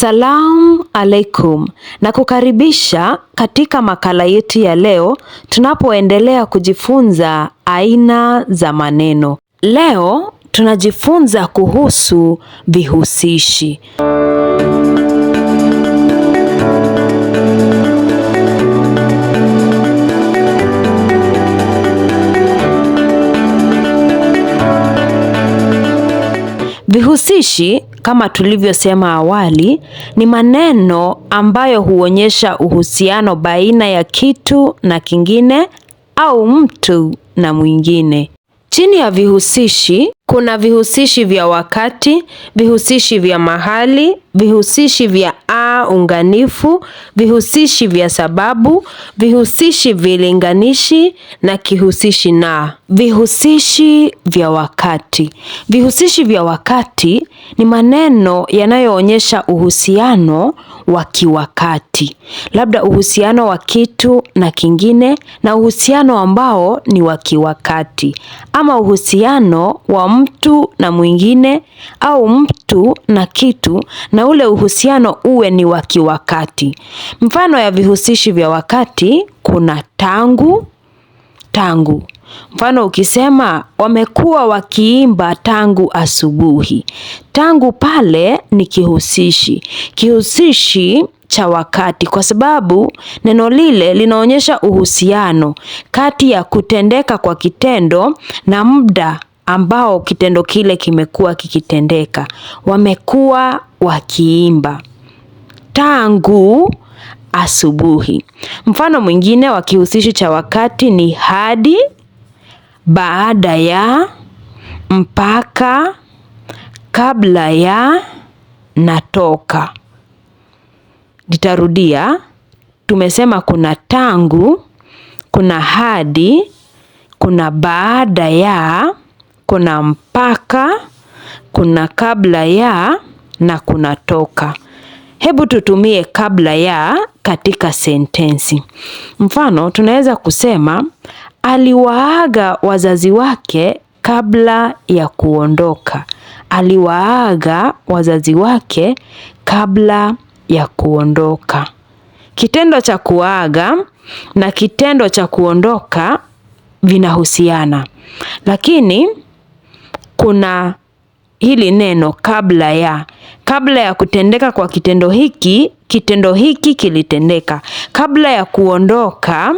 Salamu alaikum na kukaribisha katika makala yetu ya leo tunapoendelea kujifunza aina za maneno. Leo tunajifunza kuhusu vihusishi. Vihusishi kama tulivyosema awali, ni maneno ambayo huonyesha uhusiano baina ya kitu na kingine au mtu na mwingine. Chini ya vihusishi kuna vihusishi vya wakati, vihusishi vya mahali vihusishi vya a unganifu, vihusishi vya sababu, vihusishi vilinganishi na kihusishi na. Vihusishi vya wakati. Vihusishi vya wakati ni maneno yanayoonyesha uhusiano wa kiwakati, labda uhusiano wa kitu na kingine, na uhusiano ambao ni wa kiwakati, ama uhusiano wa mtu na mwingine, au mtu na kitu na ule uhusiano uwe ni wa kiwakati. Mfano ya vihusishi vya wakati kuna tangu, tangu. Mfano ukisema wamekuwa wakiimba tangu asubuhi. Tangu pale ni kihusishi. Kihusishi cha wakati kwa sababu neno lile linaonyesha uhusiano kati ya kutendeka kwa kitendo na muda ambao kitendo kile kimekuwa kikitendeka. Wamekuwa wakiimba tangu asubuhi. Mfano mwingine wa kihusishi cha wakati ni hadi, baada ya, mpaka, kabla ya, natoka. Nitarudia, tumesema kuna tangu, kuna hadi, kuna baada ya kuna mpaka, kuna kabla ya na kuna toka. Hebu tutumie kabla ya katika sentensi. Mfano, tunaweza kusema aliwaaga wazazi wake kabla ya kuondoka. Aliwaaga wazazi wake kabla ya kuondoka. Kitendo cha kuaga na kitendo cha kuondoka vinahusiana. Lakini kuna hili neno kabla ya. Kabla ya kutendeka kwa kitendo hiki, kitendo hiki kilitendeka. Kabla ya kuondoka,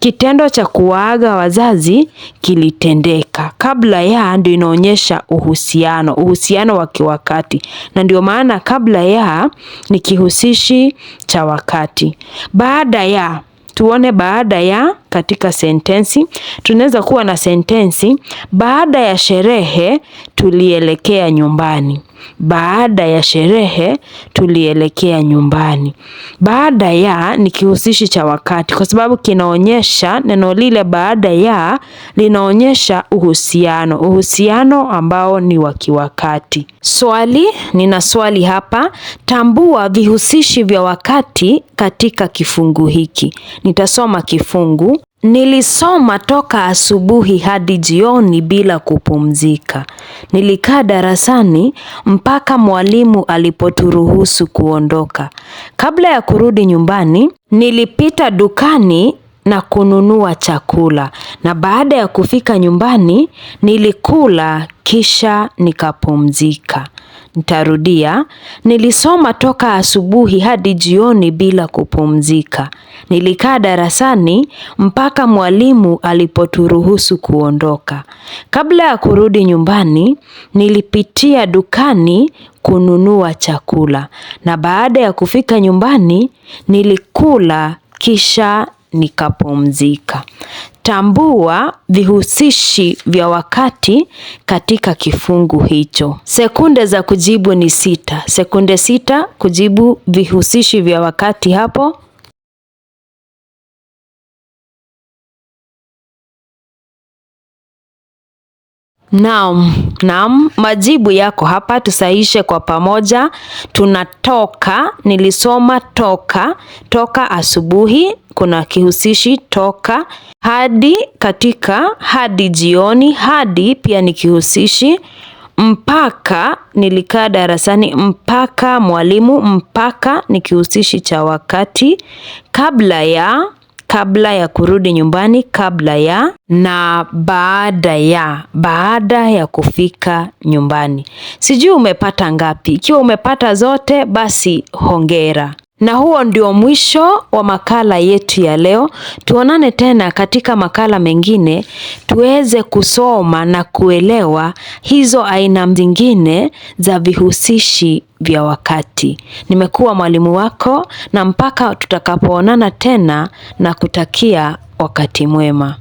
kitendo cha kuwaaga wazazi kilitendeka. Kabla ya ndio inaonyesha uhusiano, uhusiano wa kiwakati, na ndio maana kabla ya ni kihusishi cha wakati. Baada ya Tuone baada ya katika sentensi. Tunaweza kuwa na sentensi, baada ya sherehe tulielekea nyumbani. Baada ya sherehe tulielekea nyumbani. Baada ya ni kihusishi cha wakati kwa sababu kinaonyesha neno lile baada ya linaonyesha uhusiano, uhusiano ambao ni wa kiwakati. Swali, nina swali hapa. Tambua vihusishi vya wakati katika kifungu hiki. Nitasoma kifungu Nilisoma toka asubuhi hadi jioni bila kupumzika. Nilikaa darasani mpaka mwalimu alipoturuhusu kuondoka. Kabla ya kurudi nyumbani, nilipita dukani na kununua chakula. Na baada ya kufika nyumbani, nilikula kisha nikapumzika. Ntarudia, nilisoma toka asubuhi hadi jioni bila kupumzika. Nilikaa darasani mpaka mwalimu alipoturuhusu kuondoka. Kabla ya kurudi nyumbani, nilipitia dukani kununua chakula. Na baada ya kufika nyumbani, nilikula kisha nikapumzika. Tambua vihusishi vya wakati katika kifungu hicho. Sekunde za kujibu ni sita. Sekunde sita kujibu vihusishi vya wakati hapo. Naam, naam, majibu yako hapa tusaishe kwa pamoja. Tunatoka, nilisoma toka, toka asubuhi, kuna kihusishi toka, hadi katika, hadi jioni, hadi pia ni kihusishi, mpaka nilikaa darasani mpaka mwalimu, mpaka ni kihusishi cha wakati, kabla ya kabla ya kurudi nyumbani, kabla ya na baada ya, baada ya kufika nyumbani. Sijui umepata ngapi? Ikiwa umepata zote, basi hongera. Na huo ndio mwisho wa makala yetu ya leo. Tuonane tena katika makala mengine tuweze kusoma na kuelewa hizo aina zingine za vihusishi vya wakati. Nimekuwa mwalimu wako na mpaka tutakapoonana tena na kutakia wakati mwema.